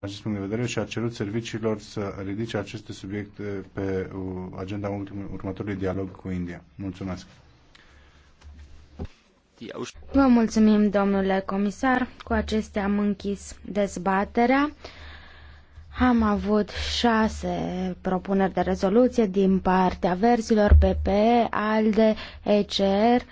acest punct de vedere și a cerut serviciilor să ridice aceste subiecte pe uh, agenda următorului dialog cu India. Mulțumesc! Vă mulțumim, domnule comisar. Cu acestea am închis dezbaterea. Am avut șase propuneri de rezoluție din partea versilor PP, ALDE, ECR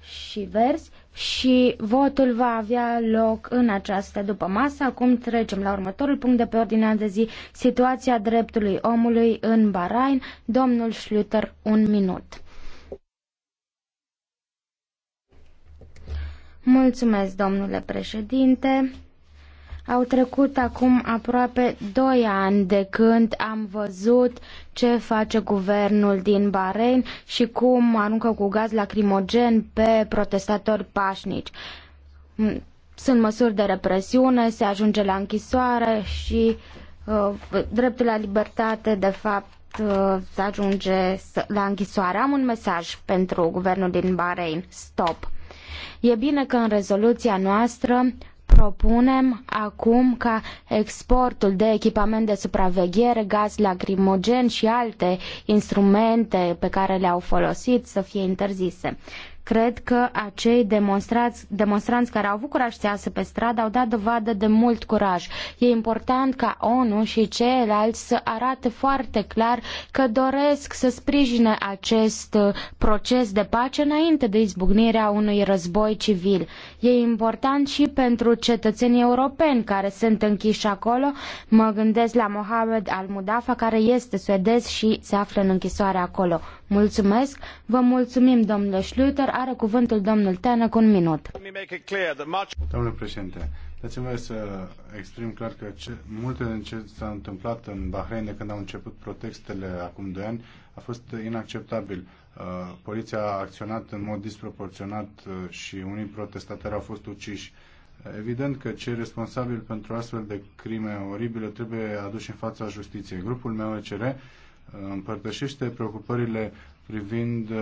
și Versi și votul va avea loc în această după masă. Acum trecem la următorul punct de pe ordinea de zi, situația dreptului omului în Bahrain. Domnul Schlüter, un minut. Mulțumesc, domnule președinte. Au trecut acum aproape 2 ani de când am văzut ce face guvernul din Bahrain și cum aruncă cu gaz lacrimogen pe protestatori pașnici. Mm, sunt măsuri de represiune, se ajunge la închisoare și uh, dreptul la libertate, de fapt, uh, se ajunge la închisoare. Am un mesaj pentru guvernul din Bahrain. Stop! E bine că în rezoluția noastră Propunem acum ca exportul de echipament de supraveghere, gaz lacrimogen și alte instrumente pe care le-au folosit să fie interzise. Cred că acei demonstrați, demonstranți care au avut curaj să iasă pe stradă au dat dovadă de mult curaj. E important ca ONU și ceilalți să arate foarte clar că doresc să sprijine acest uh, proces de pace înainte de izbucnirea unui război civil. E important și pentru cetățenii europeni care sunt închiși acolo. Mă gândesc la Mohamed Al-Mudafa, care este suedez și se află în închisoare acolo. Mulțumesc! Vă mulțumim, domnule Schluter! Are cuvântul domnul cu un minut. Domnule președinte, dați-mi să exprim clar că ce, multe din ce s-a întâmplat în Bahrain de când au început protestele acum 2 ani a fost inacceptabil. Uh, poliția a acționat în mod disproporționat uh, și unii protestatari au fost uciși. Evident că cei responsabili pentru astfel de crime oribile trebuie aduși în fața justiției. Grupul meu ECR uh, împărtășește preocupările privind uh,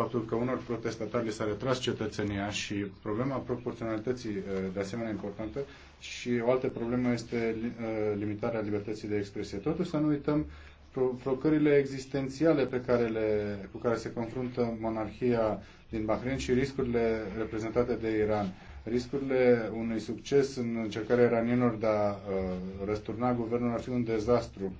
faptul că unor protestatari li s-a retras cetățenia și problema proporționalității uh, de asemenea importantă și o altă problemă este uh, limitarea libertății de expresie. Totuși să nu uităm provocările existențiale pe care le, cu care se confruntă monarhia din Bahrain și riscurile reprezentate de Iran. Riscurile unui succes în încercarea iranienilor de a uh, răsturna guvernul ar fi un dezastru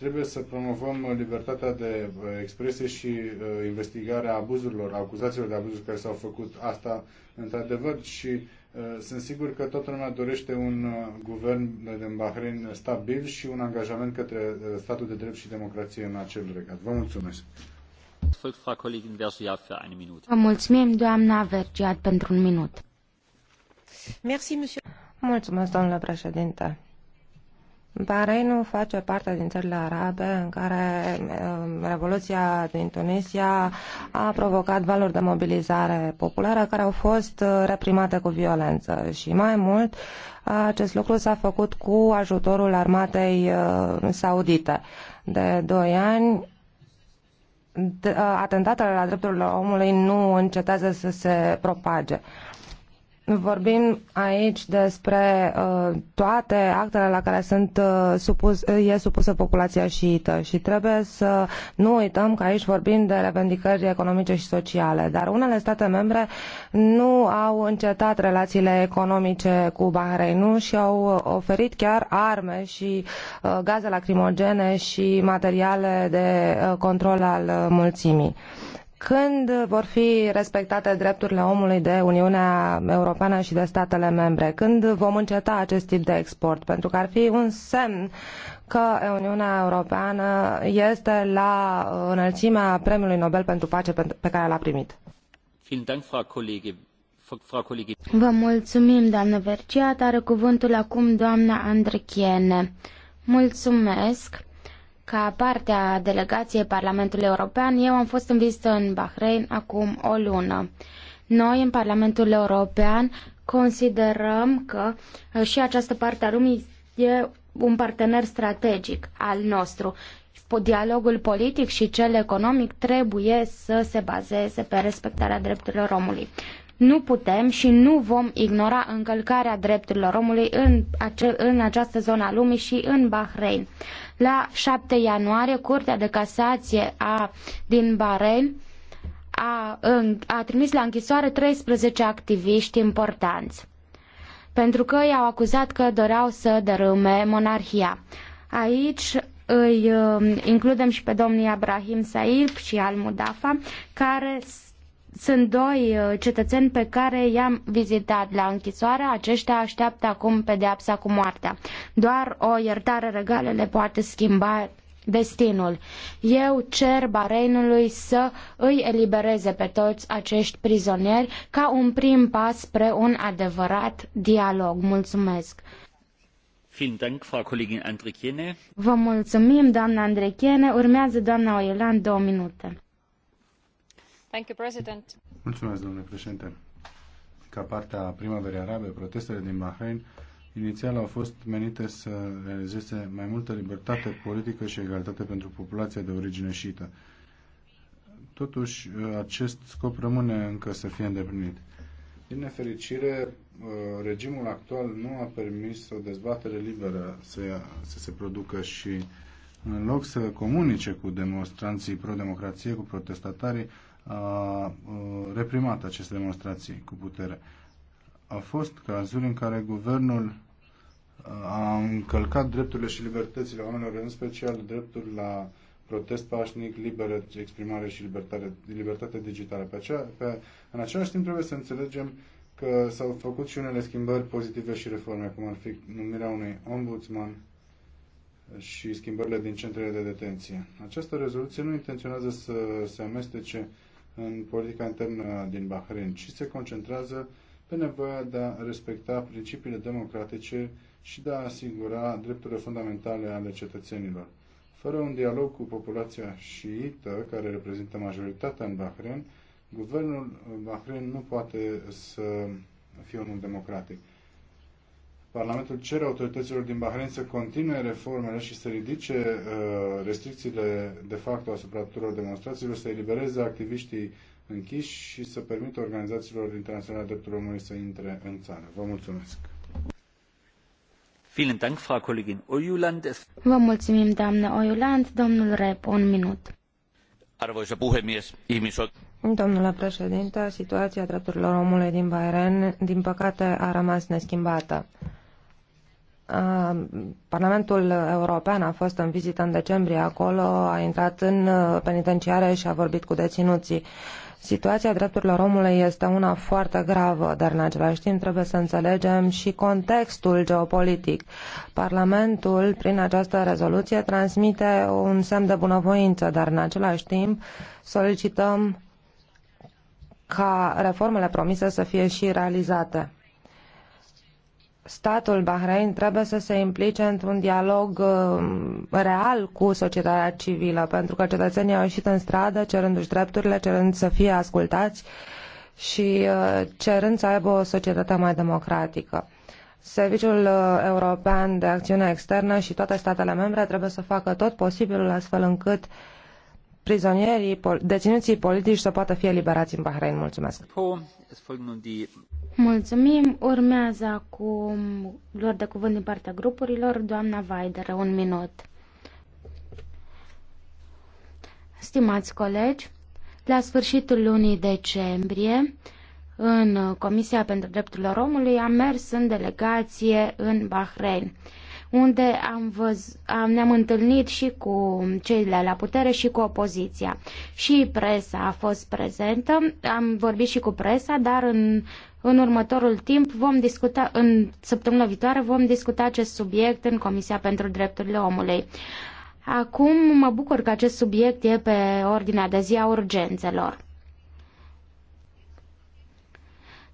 Trebuie să promovăm libertatea de uh, expresie și uh, investigarea abuzurilor, acuzațiilor de abuzuri care s-au făcut. Asta, într-adevăr, și uh, sunt sigur că toată lumea dorește un guvern din Bahrain stabil și un angajament către statul de drept și democrație în acel regat. Vă mulțumesc! Vă mulțumim, doamna Vergiat, pentru un minut. Mulțumesc, domnule președinte. Bahrainul face parte din țările arabe în care um, Revoluția din Tunisia a provocat valuri de mobilizare populară care au fost uh, reprimate cu violență și mai mult acest lucru s-a făcut cu ajutorul armatei uh, saudite. De doi ani uh, atentatele la drepturile omului nu încetează să se propage. Vorbim aici despre uh, toate actele la care sunt, uh, supus, uh, e supusă populația șiită și trebuie să nu uităm că aici vorbim de revendicări economice și sociale, dar unele state membre nu au încetat relațiile economice cu Bahrainul și au uh, oferit chiar arme și uh, gaze lacrimogene și materiale de uh, control al uh, mulțimii. Uh, când vor fi respectate drepturile omului de Uniunea Europeană și de statele membre? Când vom înceta acest tip de export? Pentru că ar fi un semn că Uniunea Europeană este la înălțimea Premiului Nobel pentru Pace pe care l-a primit. Vă mulțumim, doamnă Verciat. Are cuvântul acum doamna Andrechiene. Mulțumesc. Ca parte a delegației Parlamentului European, eu am fost în vizită în Bahrain acum o lună. Noi, în Parlamentul European, considerăm că uh, și această parte a lumii e un partener strategic al nostru. Dialogul politic și cel economic trebuie să se bazeze pe respectarea drepturilor omului. Nu putem și nu vom ignora încălcarea drepturilor omului în, ace- în această zonă a lumii și în Bahrain. La 7 ianuarie, Curtea de Casație a, din Bahrain a, a trimis la închisoare 13 activiști importanți pentru că i-au acuzat că doreau să dărâme monarhia. Aici îi um, includem și pe domnii Ibrahim Saib și Al Mudafa, care sunt doi uh, cetățeni pe care i-am vizitat la închisoare, aceștia așteaptă acum pedeapsa cu moartea. Doar o iertare regală le poate schimba destinul. Eu cer Bahrainului să îi elibereze pe toți acești prizonieri ca un prim pas spre un adevărat dialog. Mulțumesc! Vă mulțumim, doamna Andrechiene. Urmează doamna Oilan două minute. Thank you, President. Mulțumesc, domnule președinte. Ca parte a primăverii arabe, protestele din Bahrain inițial au fost menite să realizeze mai multă libertate politică și egalitate pentru populația de origine șită. Totuși, acest scop rămâne încă să fie îndeplinit. Din nefericire, regimul actual nu a permis o dezbatere liberă să, să se producă și în loc să comunice cu demonstranții pro-democrație, cu protestatarii, a reprimat aceste demonstrații cu putere. Au fost cazuri în care guvernul a încălcat drepturile și libertățile oamenilor, în special dreptul la protest pașnic, liberă exprimare și libertate, libertate digitală. Pe acea, pe, în același timp trebuie să înțelegem că s-au făcut și unele schimbări pozitive și reforme, cum ar fi numirea unui ombudsman și schimbările din centrele de detenție. Această rezoluție nu intenționează să se amestece în politica internă din Bahrain ci se concentrează pe nevoia de a respecta principiile democratice și de a asigura drepturile fundamentale ale cetățenilor. Fără un dialog cu populația șiită, care reprezintă majoritatea în Bahrain, guvernul Bahrain nu poate să fie unul democratic. Parlamentul cere autorităților din Bahrain să continue reformele și să ridice uh, restricțiile de facto asupra tuturor demonstrațiilor, să elibereze activiștii închiși și să permită organizațiilor internaționale a drepturilor omului să intre în țară. Vă mulțumesc! Vă mulțumim, doamnă Oiuland. Domnul Rep, un minut. Arvoisa puhemies, ihmisot. Domnule președinte, situația drepturilor omului din Bahrain, din păcate, a rămas neschimbată. Uh, Parlamentul European a fost în vizită în decembrie acolo, a intrat în uh, penitenciare și a vorbit cu deținuții. Situația drepturilor omului este una foarte gravă, dar în același timp trebuie să înțelegem și contextul geopolitic. Parlamentul, prin această rezoluție, transmite un semn de bunăvoință, dar în același timp solicităm ca reformele promise să fie și realizate statul Bahrain trebuie să se implice într-un dialog uh, real cu societatea civilă, pentru că cetățenii au ieșit în stradă cerându-și drepturile, cerând să fie ascultați și uh, cerând să aibă o societate mai democratică. Serviciul uh, European de Acțiune Externă și toate statele membre trebuie să facă tot posibilul astfel încât uh, prizonierii, deținuții politici să poată fi eliberați în Bahrain. Mulțumesc! Mulțumim! Urmează acum lor de cuvânt din partea grupurilor, doamna Vaidere, un minut. Stimați colegi, la sfârșitul lunii decembrie, în Comisia pentru Drepturile Omului, am mers în delegație în Bahrain unde am văz, am, ne-am întâlnit și cu cei de la putere și cu opoziția. Și presa a fost prezentă, am vorbit și cu presa, dar în, în următorul timp vom discuta, în săptămâna viitoare vom discuta acest subiect în Comisia pentru Drepturile Omului. Acum mă bucur că acest subiect e pe ordinea de zi a urgențelor.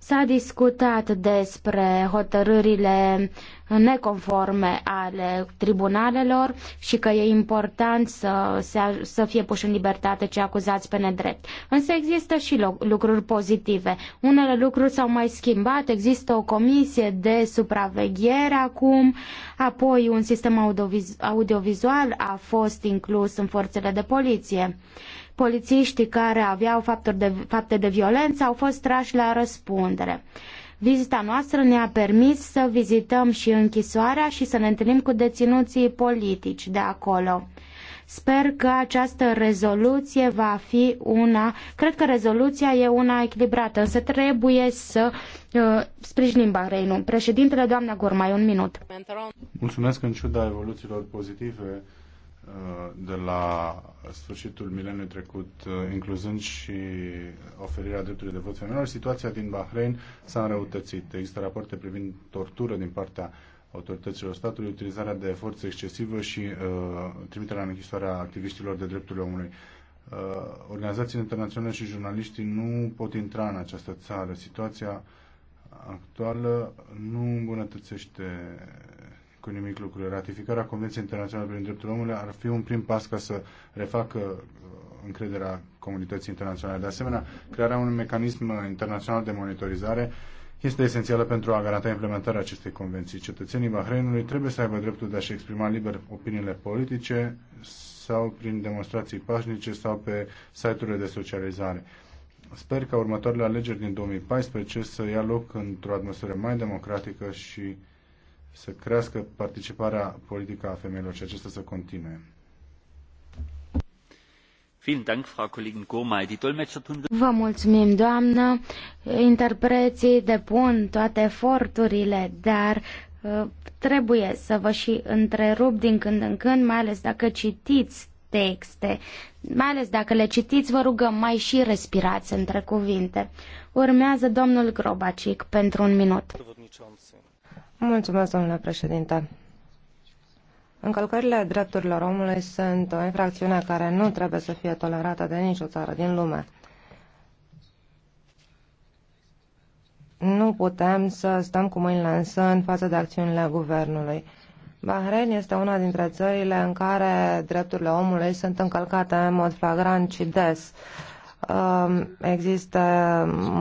S-a discutat despre hotărârile neconforme ale tribunalelor și că e important să, să, fie puși în libertate cei acuzați pe nedrept. Însă există și lucruri pozitive. Unele lucruri s-au mai schimbat, există o comisie de supraveghere acum, apoi un sistem audiovizual a fost inclus în forțele de poliție. Polițiștii care aveau de, fapte de violență au fost trași la răspundere. Vizita noastră ne-a permis să vizităm și închisoarea și să ne întâlnim cu deținuții politici de acolo. Sper că această rezoluție va fi una, cred că rezoluția e una echilibrată, însă trebuie să uh, sprijinim Bahreinul. Președintele, doamna Gormai, un minut. Mulțumesc în ciuda evoluțiilor pozitive de la sfârșitul mileniului trecut, uh, incluzând și oferirea dreptului de vot femeilor, situația din Bahrain s-a înrăutățit. Există rapoarte privind tortură din partea autorităților statului, utilizarea de forță excesivă și uh, trimiterea în a activiștilor de drepturile omului. Uh, organizațiile internaționale și jurnaliștii nu pot intra în această țară. Situația actuală nu îmbunătățește cu nimic lucrurile. Ratificarea Convenției Internaționale pentru drepturile omului ar fi un prim pas ca să refacă uh, încrederea comunității internaționale. De asemenea, crearea unui mecanism internațional de monitorizare este esențială pentru a garanta implementarea acestei convenții. Cetățenii Bahreinului trebuie să aibă dreptul de a-și exprima liber opiniile politice sau prin demonstrații pașnice sau pe site-urile de socializare. Sper ca următoarele alegeri din 2014 să ia loc într-o atmosferă mai democratică și să crească participarea politică a femeilor și acesta să continue. Vă mulțumim, doamnă. Interpreții depun toate eforturile, dar uh, trebuie să vă și întrerup din când în când, mai ales dacă citiți texte. Mai ales dacă le citiți, vă rugăm mai și respirați între cuvinte. Urmează domnul Grobacic pentru un minut. Mulțumesc, domnule președinte. Încălcările drepturilor omului sunt o infracțiune care nu trebuie să fie tolerată de nicio țară din lume. Nu putem să stăm cu mâinile în sân față de acțiunile guvernului. Bahrain este una dintre țările în care drepturile omului sunt încălcate în mod flagrant și des. Uh, Um, există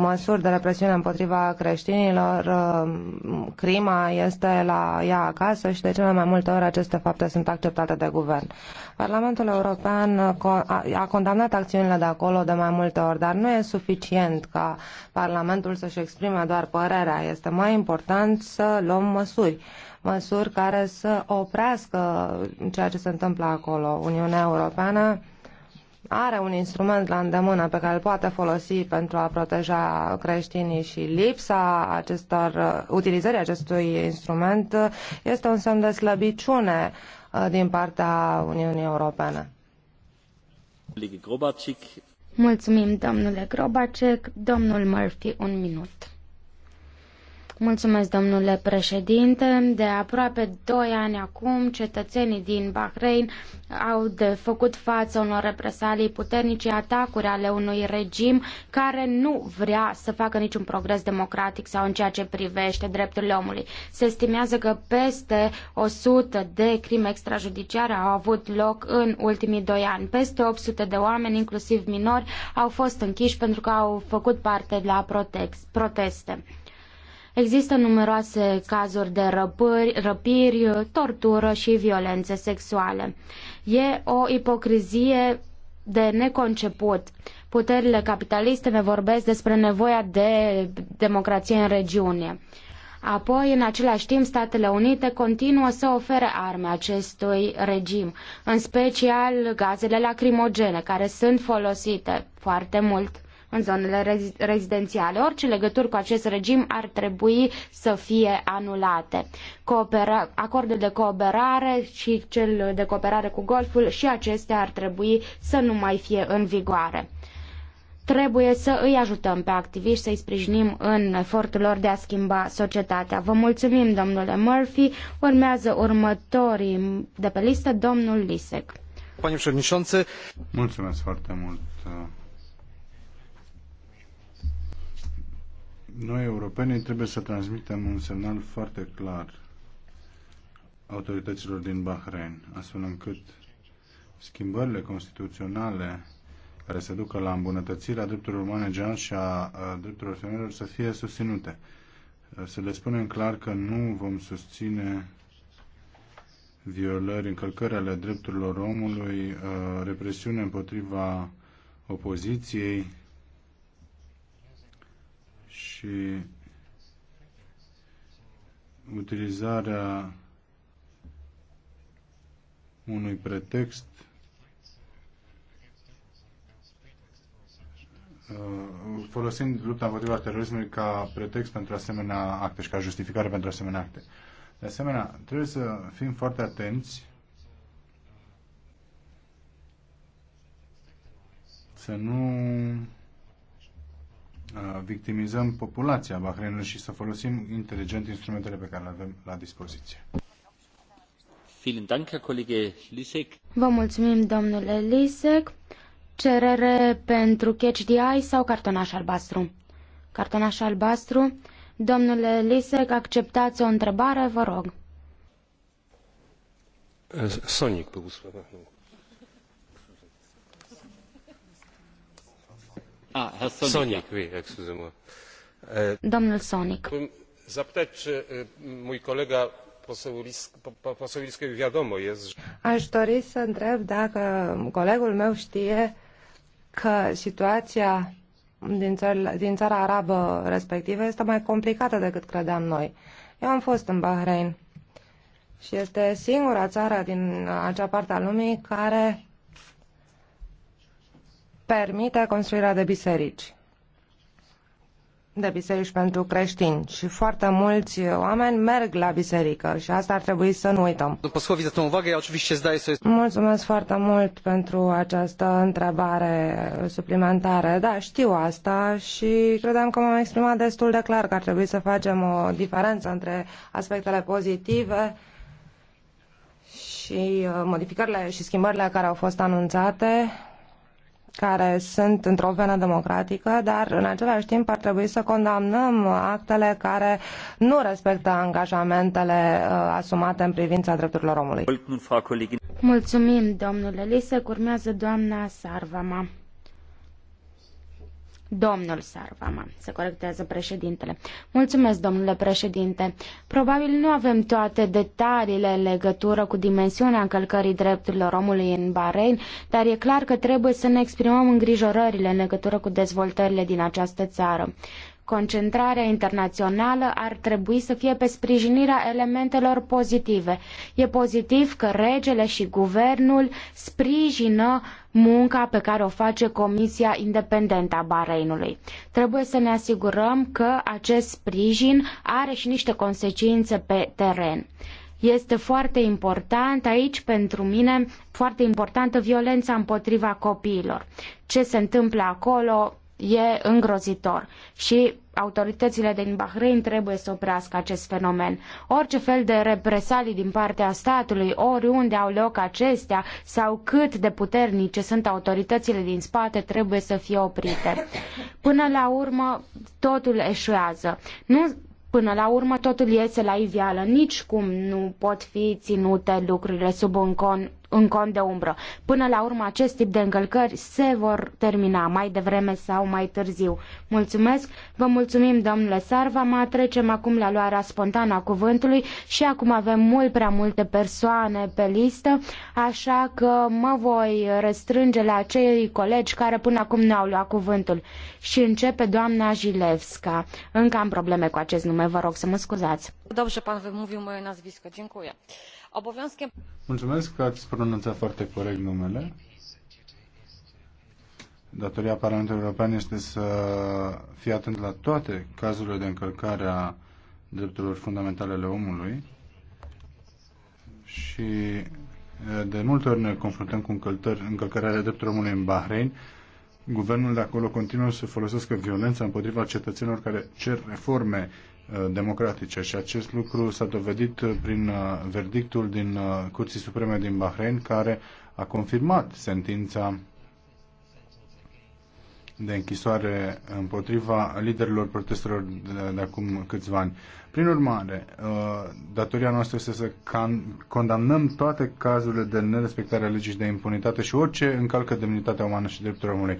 măsuri de represiune împotriva creștinilor, um, crima este la ea acasă și de cele mai multe ori aceste fapte sunt acceptate de guvern. Parlamentul European a condamnat acțiunile de acolo de mai multe ori, dar nu e suficient ca Parlamentul să-și exprime doar părerea. Este mai important să luăm măsuri măsuri care să oprească ceea ce se întâmplă acolo. Uniunea Europeană are un instrument la îndemână pe care îl poate folosi pentru a proteja creștinii și lipsa acestor, utilizării acestui instrument este un semn de slăbiciune uh, din partea Uniunii Europene. Mulțumim, domnule Grobacek. Domnul Murphy, un minut. Mulțumesc, domnule președinte. De aproape doi ani acum, cetățenii din Bahrain au de făcut față unor represalii puternice, atacuri ale unui regim care nu vrea să facă niciun progres democratic sau în ceea ce privește drepturile omului. Se estimează că peste 100 de crime extrajudiciare au avut loc în ultimii doi ani. Peste 800 de oameni, inclusiv minori, au fost închiși pentru că au făcut parte la proteste Există numeroase cazuri de răpări, răpiri, tortură și violențe sexuale. E o ipocrizie de neconceput. Puterile capitaliste ne vorbesc despre nevoia de democrație în regiune. Apoi, în același timp, Statele Unite continuă să ofere arme acestui regim, în special gazele lacrimogene, care sunt folosite foarte mult în zonele rezidențiale. Orice legături cu acest regim ar trebui să fie anulate. Coopera, acordul de cooperare și cel de cooperare cu Golful și acestea ar trebui să nu mai fie în vigoare. Trebuie să îi ajutăm pe activiști, să-i sprijinim în efortul lor de a schimba societatea. Vă mulțumim, domnule Murphy. Urmează următorii de pe listă, domnul Lisek. Panie președinte, mulțumesc foarte mult, Noi, europenii, trebuie să transmitem un semnal foarte clar autorităților din Bahrain, astfel încât schimbările constituționale care se ducă la îmbunătățirea drepturilor umane general și a drepturilor femeilor să fie susținute. Să le spunem clar că nu vom susține violări, încălcări ale drepturilor omului, represiune împotriva opoziției, și utilizarea unui pretext uh, folosind lupta împotriva terorismului ca pretext pentru asemenea acte și ca justificare pentru asemenea acte. De asemenea, trebuie să fim foarte atenți să nu Uh, victimizăm populația Bahreinului și să folosim inteligent instrumentele pe care le avem la dispoziție. Vă mulțumim, domnule Lisek. Cerere pentru catch the eye sau cartonaș albastru? Cartonaș albastru. Domnule Lisek, acceptați o întrebare, vă rog. Sonic, pe Ah, Zapytać, czy mój kolega poseł wiadomo jest, że... dori să întreb dacă colegul meu știe că situația din, țările, țara arabă respectivă este mai complicată decât credeam noi. Eu am fost în Bahrain și este singura țară din acea parte a lumii care permite construirea de biserici de biserici pentru creștini și foarte mulți oameni merg la biserică și asta ar trebui să nu uităm. Mulțumesc foarte mult pentru această întrebare suplimentară. Da, știu asta și credeam că m-am exprimat destul de clar că ar trebui să facem o diferență între aspectele pozitive și uh, modificările și schimbările care au fost anunțate care sunt într-o venă democratică, dar în același timp ar trebui să condamnăm actele care nu respectă angajamentele uh, asumate în privința drepturilor omului. Mulțumim, domnule Lise. Urmează doamna Sarvama. Domnul Sarvama, se corectează președintele. Mulțumesc, domnule președinte. Probabil nu avem toate detaliile în legătură cu dimensiunea încălcării drepturilor omului în Bahrain, dar e clar că trebuie să ne exprimăm îngrijorările în legătură cu dezvoltările din această țară. Concentrarea internațională ar trebui să fie pe sprijinirea elementelor pozitive. E pozitiv că regele și guvernul sprijină munca pe care o face Comisia Independentă a Bahrainului. Trebuie să ne asigurăm că acest sprijin are și niște consecințe pe teren este foarte important aici pentru mine, foarte importantă violența împotriva copiilor. Ce se întâmplă acolo e îngrozitor și autoritățile din Bahrain trebuie să oprească acest fenomen. Orice fel de represalii din partea statului, oriunde au loc acestea sau cât de puternice sunt autoritățile din spate, trebuie să fie oprite. Până la urmă, totul eșuează. Nu, Până la urmă totul iese la iveală, nici cum nu pot fi ținute lucrurile sub un, con, în cont de umbră. Până la urmă, acest tip de încălcări se vor termina mai devreme sau mai târziu. Mulțumesc, vă mulțumim, domnule Sarva. Mă trecem acum la luarea spontană a cuvântului și acum avem mult prea multe persoane pe listă, așa că mă voi restrânge la cei colegi care până acum nu au luat cuvântul. Și începe doamna Jilevska. Încă am probleme cu acest nume, vă rog să mă scuzați. Dobrze, pan wymówił moje nazwisko. Dziękuję. Obowiązkiem... Mulțumesc că ați pronunțat foarte corect numele. Datoria Parlamentului European este să fie atent la toate cazurile de încălcare a drepturilor fundamentale ale omului și eh, de multe ori ne confruntăm cu încălcarea de drepturilor omului în Bahrain. Guvernul de acolo continuă să folosească violența împotriva cetățenilor care cer reforme Uh, democratice și acest lucru s-a dovedit uh, prin uh, verdictul din Curții Supreme din Bahrain care a confirmat sentința de închisoare împotriva liderilor protestelor de, de acum câțiva ani. Prin urmare, datoria noastră este să condamnăm toate cazurile de nerespectare a legii și de impunitate și orice încalcă demnitatea umană și drepturile omului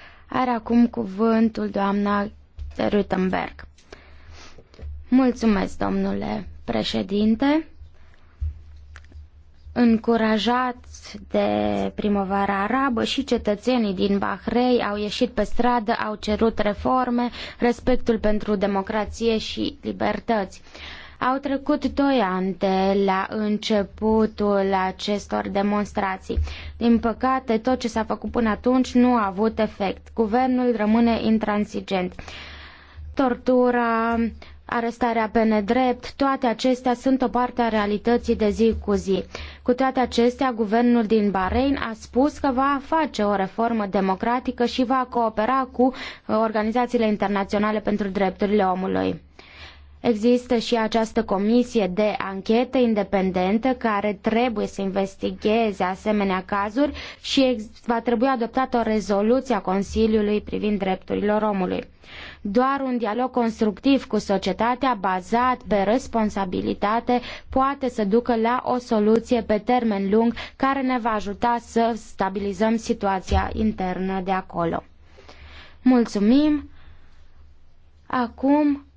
are acum cuvântul doamna de Rutenberg. Mulțumesc, domnule președinte. Încurajați de primăvara arabă și cetățenii din Bahrei au ieșit pe stradă, au cerut reforme, respectul pentru democrație și libertăți. Au trecut doi ani de la începutul acestor demonstrații. Din păcate, tot ce s-a făcut până atunci nu a avut efect. Guvernul rămâne intransigent. Tortura, arestarea pe nedrept, toate acestea sunt o parte a realității de zi cu zi. Cu toate acestea, guvernul din Bahrain a spus că va face o reformă democratică și va coopera cu organizațiile internaționale pentru drepturile omului. Există și această comisie de anchetă independentă care trebuie să investigheze asemenea cazuri și va trebui adoptată o rezoluție a Consiliului privind drepturile omului. Doar un dialog constructiv cu societatea bazat pe responsabilitate poate să ducă la o soluție pe termen lung care ne va ajuta să stabilizăm situația internă de acolo. Mulțumim! Acum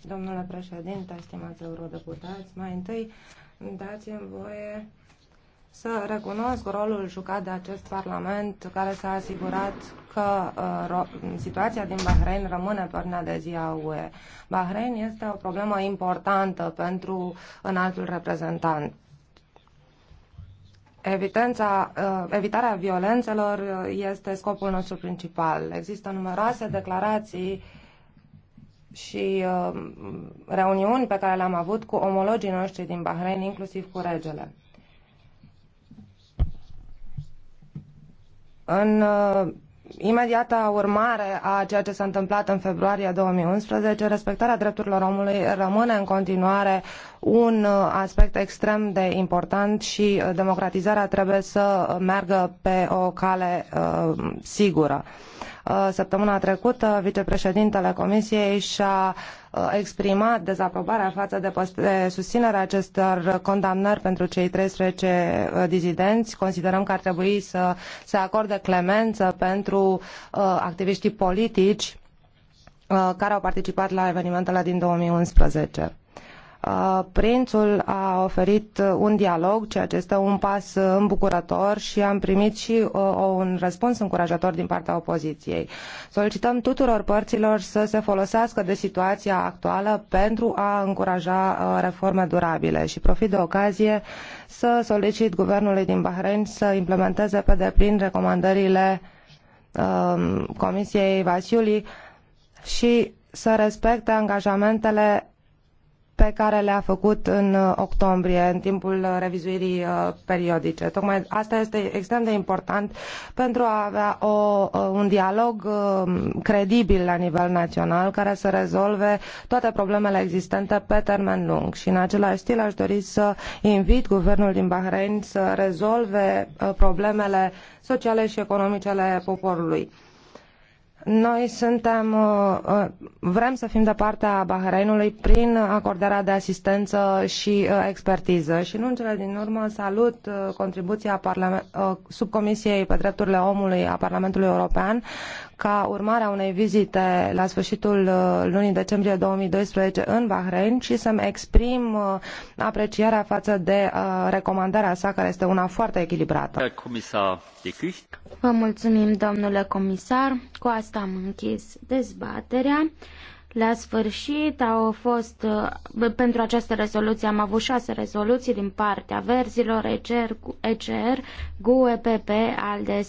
Domnule președinte, stimați eurodeputați, mai întâi dați-mi voie să recunosc rolul jucat de acest Parlament care s-a asigurat că uh, situația din Bahrain rămâne pe ordinea de zi a UE. Bahrain este o problemă importantă pentru înaltul reprezentant. Evidența, uh, evitarea violențelor este scopul nostru principal. Există numeroase declarații uh, și uh, reuniuni pe care le-am avut cu omologii noștri din Bahrain, inclusiv cu regele. În uh, imediata urmare a ceea ce s-a întâmplat în februarie 2011, respectarea drepturilor omului rămâne în continuare un uh, aspect extrem de important și uh, democratizarea trebuie să meargă pe o cale uh, sigură. Uh, săptămâna trecută, vicepreședintele Comisiei și-a uh, exprimat dezaprobarea față de, de susținerea acestor condamnări pentru cei 13 uh, dizidenți. Considerăm că ar trebui să se acorde clemență pentru activiștii politici care au participat la evenimentele din 2011. Uh, prințul a oferit un dialog, ceea ce este un pas îmbucurător și am primit și uh, un răspuns încurajator din partea opoziției. Solicităm tuturor părților să se folosească de situația actuală pentru a încuraja uh, reforme durabile și profit de ocazie să solicit guvernului din Bahrain să implementeze pe deplin recomandările um, Comisiei Vasiului și să respecte angajamentele pe care le-a făcut în uh, octombrie, în timpul uh, revizuirii uh, periodice. Tocmai asta este extrem de important pentru a avea o, un dialog credibil la nivel național care să rezolve toate problemele existente pe termen lung. Și în același stil aș dori să invit guvernul din Bahrain să rezolve problemele sociale și economice ale poporului noi suntem, uh, uh, vrem să fim de partea Bahreinului prin acordarea de asistență și uh, expertiză și nu în cele din urmă salut contribuția subcomisiei pe drepturile omului a Parlamentului European ca urmare a unei vizite la sfârșitul lunii decembrie 2012 în Bahrain și să-mi exprim aprecierea față de recomandarea sa care este una foarte echilibrată. Comisar Vă mulțumim, domnule comisar. Cu asta am închis dezbaterea. La sfârșit au fost, uh, pentru această rezoluție am avut șase rezoluții din partea verzilor, ECR, ECR GUE, PP, ALDE,